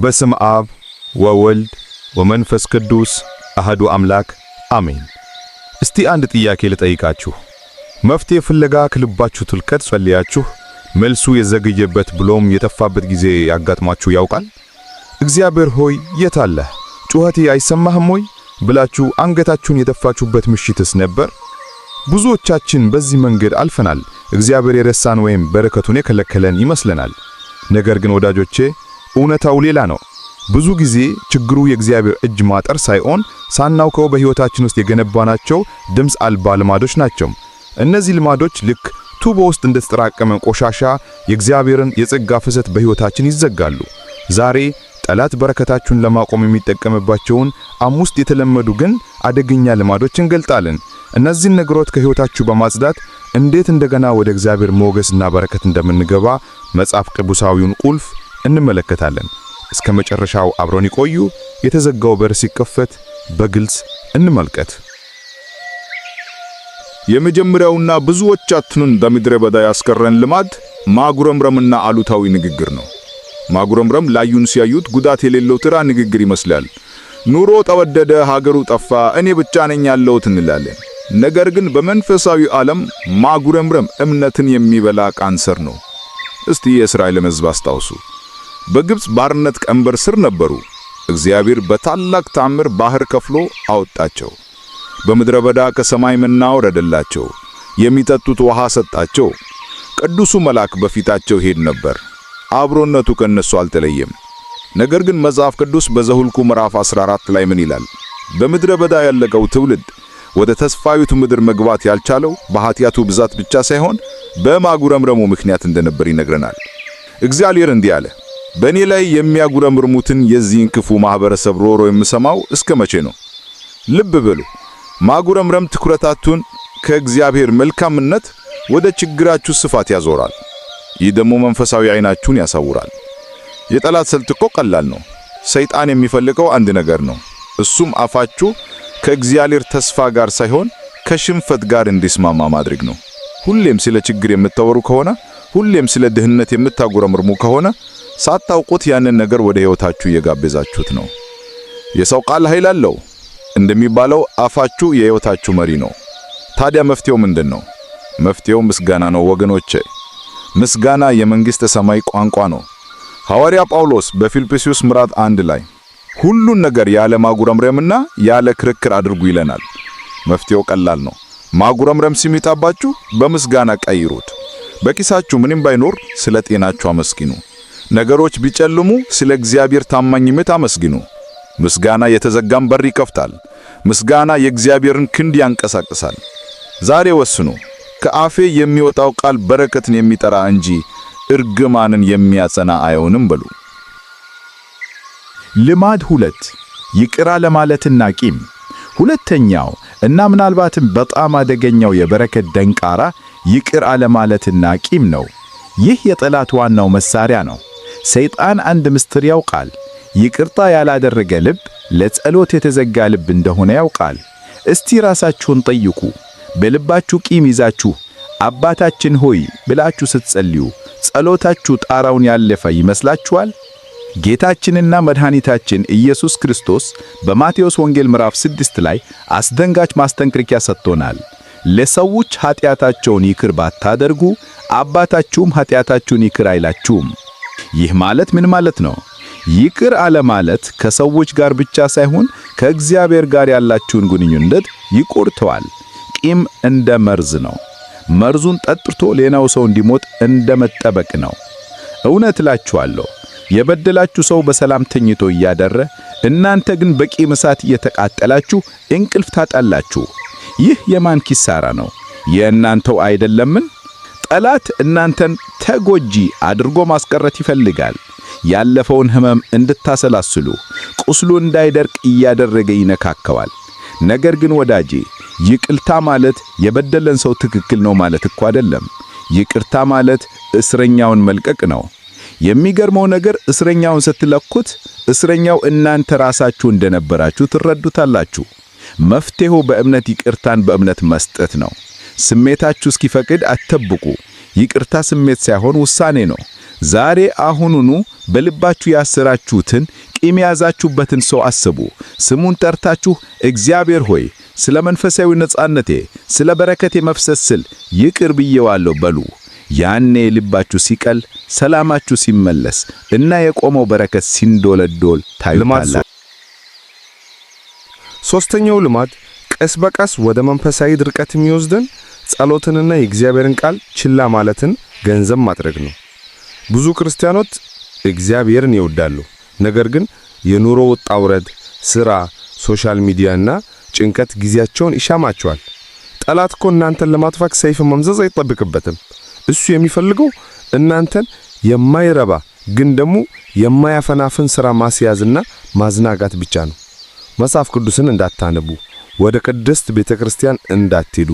በስም አብ ወወልድ ወመንፈስ ቅዱስ አህዱ አምላክ አሜን። እስቲ አንድ ጥያቄ ልጠይቃችሁ። መፍትሄ ፍለጋ ከልባችሁ ጥልቀት ጸልያችሁ መልሱ የዘገየበት ብሎም የተፋበት ጊዜ ያጋጥማችሁ ያውቃል? እግዚአብሔር ሆይ የት አለህ? ጩኸቴ አይሰማህም ሆይ ብላችሁ አንገታችሁን የደፋችሁበት ምሽትስ ነበር? ብዙዎቻችን በዚህ መንገድ አልፈናል። እግዚአብሔር የረሳን ወይም በረከቱን የከለከለን ይመስለናል። ነገር ግን ወዳጆቼ እውነታው ሌላ ነው። ብዙ ጊዜ ችግሩ የእግዚአብሔር እጅ ማጠር ሳይሆን ሳናውቀው በሕይወታችን ውስጥ የገነባናቸው ድምፅ አልባ ልማዶች ናቸው። እነዚህ ልማዶች ልክ ቱቦ ውስጥ እንደተጠራቀመ ቆሻሻ የእግዚአብሔርን የጸጋ ፍሰት በሕይወታችን ይዘጋሉ። ዛሬ ጠላት በረከታችሁን ለማቆም የሚጠቀምባቸውን አምስት የተለመዱ ግን አደገኛ ልማዶች እንገልጣለን። እነዚህን ነገሮች ከሕይወታችሁ በማጽዳት እንዴት እንደገና ወደ እግዚአብሔር ሞገስና በረከት እንደምንገባ መጽሐፍ ቅዱሳዊውን ቁልፍ እንመለከታለን። እስከ መጨረሻው አብሮን ይቆዩ። የተዘጋው በር ሲከፈት በግልጽ እንመልከት። የመጀመሪያውና ብዙዎቻችንን በምድረ በዳ ያስቀረን ልማድ ማጉረምረምና አሉታዊ ንግግር ነው። ማጉረምረም ላዩን ሲያዩት ጉዳት የሌለው ትራ ንግግር ይመስላል። ኑሮ ተወደደ፣ ሀገሩ ጠፋ፣ እኔ ብቻ ነኝ ያለሁት እንላለን። ነገር ግን በመንፈሳዊ ዓለም ማጉረምረም እምነትን የሚበላ ካንሰር ነው። እስቲ የእስራኤልን ሕዝብ አስታውሱ። በግብፅ ባርነት ቀንበር ስር ነበሩ። እግዚአብሔር በታላቅ ታምር ባህር ከፍሎ አወጣቸው። በምድረ በዳ ከሰማይ መና ወረደላቸው። የሚጠጡት ውሃ ሰጣቸው። ቅዱሱ መልአክ በፊታቸው ሄድ ነበር። አብሮነቱ ከነሱ አልተለየም። ነገር ግን መጽሐፍ ቅዱስ በዘሁልቁ ምዕራፍ 14 ላይ ምን ይላል? በምድረ በዳ ያለቀው ትውልድ ወደ ተስፋዊቱ ምድር መግባት ያልቻለው በኃጢአቱ ብዛት ብቻ ሳይሆን በማጉረምረሙ ምክንያት እንደነበር ይነግረናል። እግዚአብሔር እንዲህ አለ በእኔ ላይ የሚያጉረምርሙትን የዚህን ክፉ ማኅበረሰብ ሮሮ የምሰማው እስከ መቼ ነው? ልብ በሉ። ማጉረምረም ትኩረታቱን ከእግዚአብሔር መልካምነት ወደ ችግራችሁ ስፋት ያዞራል። ይህ ደግሞ መንፈሳዊ ዓይናችሁን ያሳውራል። የጠላት ስልት እኮ ቀላል ነው። ሰይጣን የሚፈልገው አንድ ነገር ነው። እሱም አፋችሁ ከእግዚአብሔር ተስፋ ጋር ሳይሆን ከሽንፈት ጋር እንዲስማማ ማድረግ ነው። ሁሌም ስለ ችግር የምታወሩ ከሆነ፣ ሁሌም ስለ ድህነት የምታጉረምርሙ ከሆነ ሳታውቁት ያንን ነገር ወደ ሕይወታችሁ እየጋበዛችሁት ነው። የሰው ቃል ኃይል አለው እንደሚባለው አፋችሁ የሕይወታችሁ መሪ ነው። ታዲያ መፍትሄው ምንድን ነው? መፍትሄው ምስጋና ነው ወገኖቼ። ምስጋና የመንግሥተ ሰማይ ቋንቋ ነው። ሐዋርያ ጳውሎስ በፊልጵስዩስ ምዕራፍ አንድ ላይ ሁሉን ነገር ያለ ማጉረምረምና ያለ ክርክር አድርጉ ይለናል። መፍትሄው ቀላል ነው። ማጉረምረም ሲሚጣባችሁ በምስጋና ቀይሩት። በኪሳችሁ ምንም ባይኖር ስለ ጤናችሁ አመስግኑ። ነገሮች ቢጨልሙ ስለ እግዚአብሔር ታማኝነት አመስግኑ። ምስጋና የተዘጋን በር ይከፍታል። ምስጋና የእግዚአብሔርን ክንድ ያንቀሳቅሳል። ዛሬ ወስኑ። ከአፌ የሚወጣው ቃል በረከትን የሚጠራ እንጂ እርግማንን የሚያጸና አይሆንም በሉ። ልማድ ሁለት ይቅራ ለማለትና ቂም። ሁለተኛው እና ምናልባትም በጣም አደገኛው የበረከት ደንቃራ ይቅር አለማለትና ቂም ነው። ይህ የጠላት ዋናው መሳሪያ ነው። ሰይጣን አንድ ምስጢር ያውቃል። ይቅርታ ያላደረገ ልብ ለጸሎት የተዘጋ ልብ እንደሆነ ያውቃል። እስቲ ራሳችሁን ጠይቁ። በልባችሁ ቂም ይዛችሁ አባታችን ሆይ ብላችሁ ስትጸልዩ ጸሎታችሁ ጣራውን ያለፈ ይመስላችኋል? ጌታችንና መድኃኒታችን ኢየሱስ ክርስቶስ በማቴዎስ ወንጌል ምዕራፍ ስድስት ላይ አስደንጋጭ ማስጠንቀቂያ ሰጥቶናል። ለሰዎች ኃጢአታቸውን ይቅር ባታደርጉ አባታችሁም ኃጢአታችሁን ይቅር አይላችሁም። ይህ ማለት ምን ማለት ነው? ይቅር አለ ማለት ከሰዎች ጋር ብቻ ሳይሆን ከእግዚአብሔር ጋር ያላችሁን ግንኙነት ይቆርተዋል። ቂም እንደ መርዝ ነው። መርዙን ጠጥቶ ሌላው ሰው እንዲሞት እንደ መጠበቅ ነው። እውነት እላችኋለሁ የበደላችሁ ሰው በሰላም ተኝቶ እያደረ እናንተ ግን በቂም እሳት እየተቃጠላችሁ እንቅልፍ ታጣላችሁ። ይህ የማን ኪሳራ ነው? የእናንተው አይደለምን? ጠላት እናንተን ተጎጂ አድርጎ ማስቀረት ይፈልጋል። ያለፈውን ህመም እንድታሰላስሉ፣ ቁስሉ እንዳይደርቅ እያደረገ ይነካከዋል። ነገር ግን ወዳጄ ይቅልታ ማለት የበደለን ሰው ትክክል ነው ማለት እኮ አይደለም። ይቅርታ ማለት እስረኛውን መልቀቅ ነው። የሚገርመው ነገር እስረኛውን ስትለኩት እስረኛው እናንተ ራሳችሁ እንደነበራችሁ ትረዱታላችሁ። መፍትሄው በእምነት ይቅርታን በእምነት መስጠት ነው። ስሜታችሁ እስኪፈቅድ አትጠብቁ። ይቅርታ ስሜት ሳይሆን ውሳኔ ነው። ዛሬ አሁኑኑ በልባችሁ ያሰራችሁትን ቂም የያዛችሁበትን ሰው አስቡ። ስሙን ጠርታችሁ እግዚአብሔር ሆይ ስለ መንፈሳዊ ነጻነቴ፣ ስለ በረከቴ መፍሰስ ስል ይቅር ብዬዋለሁ በሉ። ያኔ ልባችሁ ሲቀል፣ ሰላማችሁ ሲመለስ እና የቆመው በረከት ሲንዶለዶል ታዩታላችሁ። ሶስተኛው ልማድ ቀስ በቀስ ወደ መንፈሳዊ ድርቀት የሚወስደን ጸሎትንና የእግዚአብሔርን ቃል ችላ ማለትን ገንዘብ ማድረግ ነው። ብዙ ክርስቲያኖች እግዚአብሔርን ይወዳሉ፣ ነገር ግን የኑሮ ውጣ ውረድ፣ ስራ፣ ሶሻል ሚዲያና ጭንቀት ጊዜያቸውን ይሻማቸዋል። ጠላት እኮ እናንተን ለማጥፋት ሰይፍ መምዘዝ አይጠብቅበትም። እሱ የሚፈልገው እናንተን የማይረባ ግን ደግሞ የማያፈናፍን ስራ ማስያዝና ማዝናጋት ብቻ ነው። መጽሐፍ ቅዱስን እንዳታነቡ ወደ ቅድስት ቤተ ክርስቲያን እንዳትሄዱ፣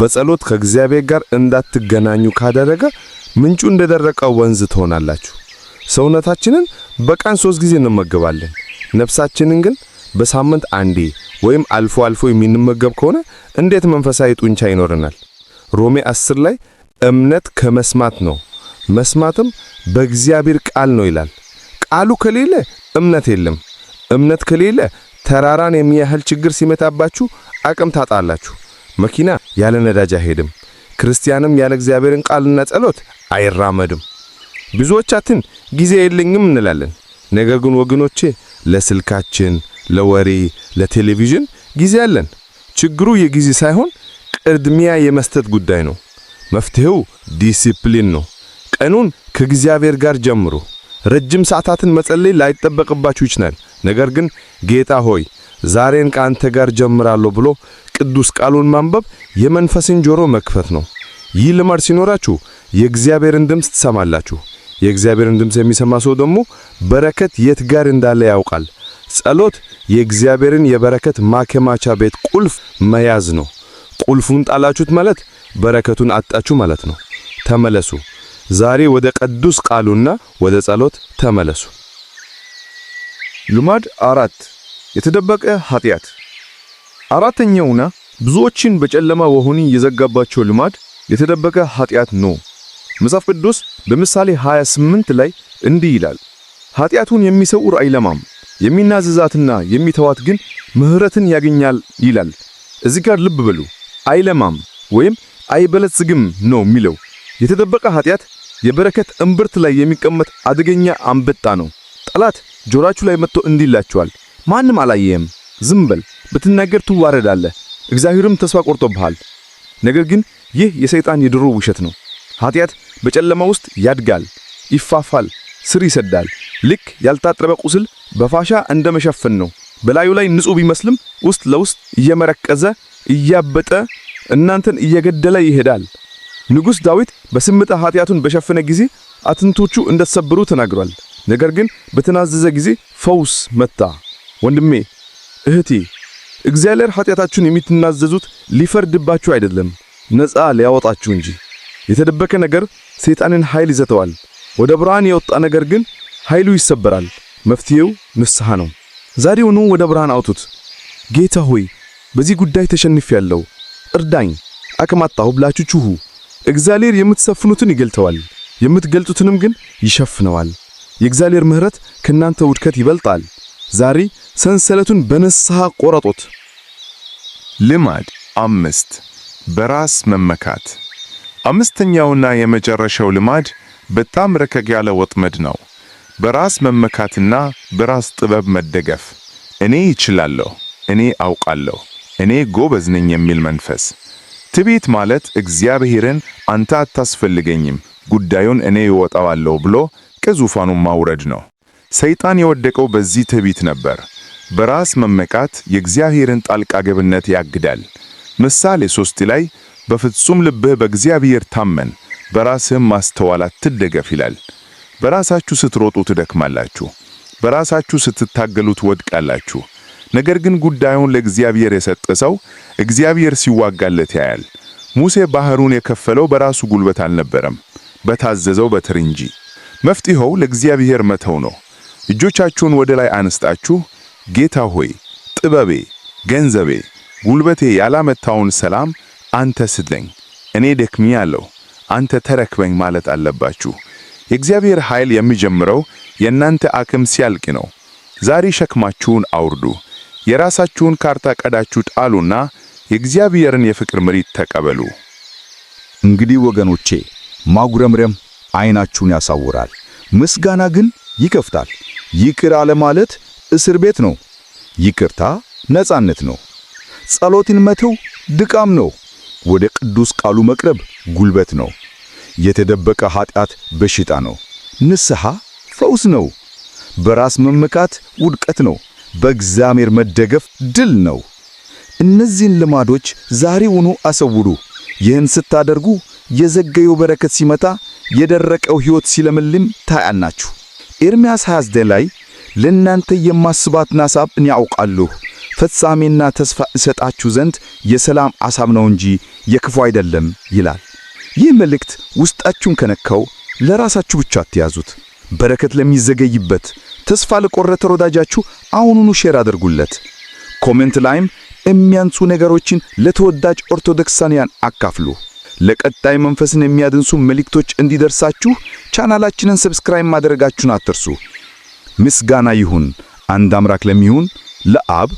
በጸሎት ከእግዚአብሔር ጋር እንዳትገናኙ ካደረገ ምንጩ እንደደረቀ ወንዝ ትሆናላችሁ። ሰውነታችንን በቀን ሶስት ጊዜ እንመገባለን። ነፍሳችንን ግን በሳምንት አንዴ ወይም አልፎ አልፎ የምንመገብ ከሆነ እንዴት መንፈሳዊ ጡንቻ ይኖረናል? ሮሜ 10 ላይ እምነት ከመስማት ነው መስማትም በእግዚአብሔር ቃል ነው ይላል። ቃሉ ከሌለ እምነት የለም፣ እምነት ከሌለ ተራራን የሚያህል ችግር ሲመታባችሁ አቅም ታጣላችሁ። መኪና ያለ ነዳጅ አይሄድም። ክርስቲያንም ያለ እግዚአብሔርን ቃልና ጸሎት አይራመድም። ብዙዎቻችን ጊዜ የለኝም እንላለን። ነገር ግን ወገኖቼ ለስልካችን፣ ለወሬ፣ ለቴሌቪዥን ጊዜ አለን። ችግሩ የጊዜ ሳይሆን ቅድሚያ የመስጠት ጉዳይ ነው። መፍትሄው ዲሲፕሊን ነው። ቀኑን ከእግዚአብሔር ጋር ጀምሩ። ረጅም ሰዓታትን መጸለይ ላይጠበቅባችሁ ይችላል። ነገር ግን ጌታ ሆይ ዛሬን ከአንተ ጋር ጀምራለሁ ብሎ ቅዱስ ቃሉን ማንበብ የመንፈስን ጆሮ መክፈት ነው። ይህ ልማድ ሲኖራችሁ የእግዚአብሔርን ድምፅ ትሰማላችሁ። የእግዚአብሔርን ድምፅ የሚሰማ ሰው ደግሞ በረከት የት ጋር እንዳለ ያውቃል። ጸሎት የእግዚአብሔርን የበረከት ማከማቻ ቤት ቁልፍ መያዝ ነው። ቁልፉን ጣላችሁት ማለት በረከቱን አጣችሁ ማለት ነው። ተመለሱ። ዛሬ ወደ ቅዱስ ቃሉና ወደ ጸሎት ተመለሱ። ልማድ አራት የተደበቀ ኃጢአት። አራተኛውና ብዙዎችን በጨለማ ወህኒ የዘጋባቸው ልማድ የተደበቀ ኃጢአት ነው። መጽሐፍ ቅዱስ በምሳሌ 28 ላይ እንዲህ ይላል፣ ኃጢአቱን የሚሰውር አይለማም፣ የሚናዝዛትና የሚተዋት ግን ምሕረትን ያገኛል ይላል። እዚህ ጋር ልብ በሉ፣ አይለማም ወይም አይበለጽግም ነው የሚለው። የተደበቀ ኃጢአት የበረከት እምብርት ላይ የሚቀመጥ አደገኛ አንበጣ ነው። ጠላት ጆሮአችሁ ላይ መጥቶ እንዲህ ማንም አላየህም፣ ዝም በል፣ ብትናገር ትዋረዳለህ፣ እግዚአብሔርም ተስፋ ቆርጦብሃል። ነገር ግን ይህ የሰይጣን የድሮ ውሸት ነው። ኃጢአት በጨለማ ውስጥ ያድጋል፣ ይፋፋል፣ ስር ይሰዳል። ልክ ያልታጠበ ቁስል በፋሻ እንደ መሸፈን ነው። በላዩ ላይ ንጹሕ ቢመስልም ውስጥ ለውስጥ እየመረቀዘ እያበጠ እናንተን እየገደለ ይሄዳል። ንጉሥ ዳዊት በስምጣ ኃጢአቱን በሸፈነ ጊዜ አጥንቶቹ እንደተሰበሩ ተናግሯል። ነገር ግን በተናዘዘ ጊዜ ፈውስ መጣ። ወንድሜ እህቴ፣ እግዚአብሔር ኃጢአታችሁን የምትናዘዙት ሊፈርድባችሁ አይደለም፣ ነፃ ሊያወጣችሁ እንጂ። የተደበቀ ነገር ሰይጣንን ኃይል ይዘተዋል። ወደ ብርሃን የወጣ ነገር ግን ኃይሉ ይሰበራል። መፍትሄው ንስሐ ነው። ዛሬውኑ ወደ ብርሃን አውጡት። ጌታ ሆይ በዚህ ጉዳይ ተሸንፌያለሁ፣ እርዳኝ፣ አቅም አጣሁ ብላችሁ ጩኹ። እግዚአብሔር የምትሰፍኑትን ይገልጠዋል፣ የምትገልጡትንም ግን ይሸፍነዋል። የእግዚአብሔር ምሕረት ከእናንተ ውድቀት ይበልጣል። ዛሬ ሰንሰለቱን በንስሐ ቆረጦት። ልማድ አምስት በራስ መመካት። አምስተኛውና የመጨረሻው ልማድ በጣም ረከግ ያለ ወጥመድ ነው። በራስ መመካትና በራስ ጥበብ መደገፍ። እኔ ይችላለሁ፣ እኔ አውቃለሁ፣ እኔ ጎበዝ ነኝ የሚል መንፈስ ትቢት ማለት እግዚአብሔርን አንተ አታስፈልገኝም፣ ጉዳዩን እኔ ይወጣዋለሁ ብሎ ከዙፋኑ ማውረድ ነው። ሰይጣን የወደቀው በዚህ ትቢት ነበር። በራስ መመካት የእግዚአብሔርን ጣልቃ ገብነት ያግዳል። ምሳሌ ሦስት ላይ በፍጹም ልብህ በእግዚአብሔር ታመን፣ በራስህም ማስተዋል አትደገፍ ይላል። በራሳችሁ ስትሮጡ ትደክማላችሁ፣ በራሳችሁ ስትታገሉ ትወድቃላችሁ። ነገር ግን ጉዳዩን ለእግዚአብሔር የሰጠ ሰው እግዚአብሔር ሲዋጋለት ያያል። ሙሴ ባህሩን የከፈለው በራሱ ጉልበት አልነበረም፣ በታዘዘው በትር እንጂ። መፍትሄው ለእግዚአብሔር መተው ነው። እጆቻችሁን ወደ ላይ አንስታችሁ ጌታ ሆይ ጥበቤ፣ ገንዘቤ፣ ጉልበቴ ያላመጣውን ሰላም አንተ ስጠኝ፣ እኔ ደክሚ ያለው አንተ ተረክበኝ ማለት አለባችሁ። የእግዚአብሔር ኃይል የሚጀምረው የእናንተ አቅም ሲያልቅ ነው። ዛሬ ሸክማችሁን አውርዱ። የራሳችሁን ካርታ ቀዳችሁ ጣሉና የእግዚአብሔርን የፍቅር ምሪት ተቀበሉ። እንግዲህ ወገኖቼ ማጉረምረም ዓይናችሁን ያሳውራል፣ ምስጋና ግን ይከፍታል። ይቅር አለማለት እስር ቤት ነው። ይቅርታ ነፃነት ነው። ጸሎትን መተው ድቃም ነው። ወደ ቅዱስ ቃሉ መቅረብ ጉልበት ነው። የተደበቀ ኃጢአት በሽታ ነው። ንስሐ ፈውስ ነው። በራስ መመካት ውድቀት ነው። በእግዚአብሔር መደገፍ ድል ነው። እነዚህን ልማዶች ዛሬውኑ አሰውሩ። ይህን ስታደርጉ የዘገየው በረከት ሲመጣ፣ የደረቀው ሕይወት ሲለምልም ታያናችሁ። ኤርምያስ 29 ላይ ለእናንተ የማስባትን ሐሳብ እኔ አውቃለሁ ፍጻሜና ተስፋ እሰጣችሁ ዘንድ የሰላም አሳብ ነው እንጂ የክፉ አይደለም ይላል። ይህ መልእክት ውስጣችሁን ከነካው ለራሳችሁ ብቻ አትያዙት። በረከት ለሚዘገይበት ተስፋ ለቆረጠ ወዳጃችሁ አሁኑኑ ሼር አድርጉለት። ኮሜንት ላይም የሚያንሱ ነገሮችን ለተወዳጅ ኦርቶዶክሳንያን አካፍሉ። ለቀጣይ መንፈስን የሚያድንሱ መልእክቶች እንዲደርሳችሁ ቻናላችንን ሰብስክራይብ ማድረጋችሁን አትርሱ። ምስጋና ይሁን አንድ አምራክ ለሚሆን ለአብ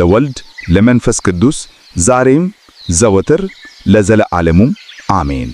ለወልድ ለመንፈስ ቅዱስ ዛሬም ዘወትር ለዘለዓለሙም አሜን።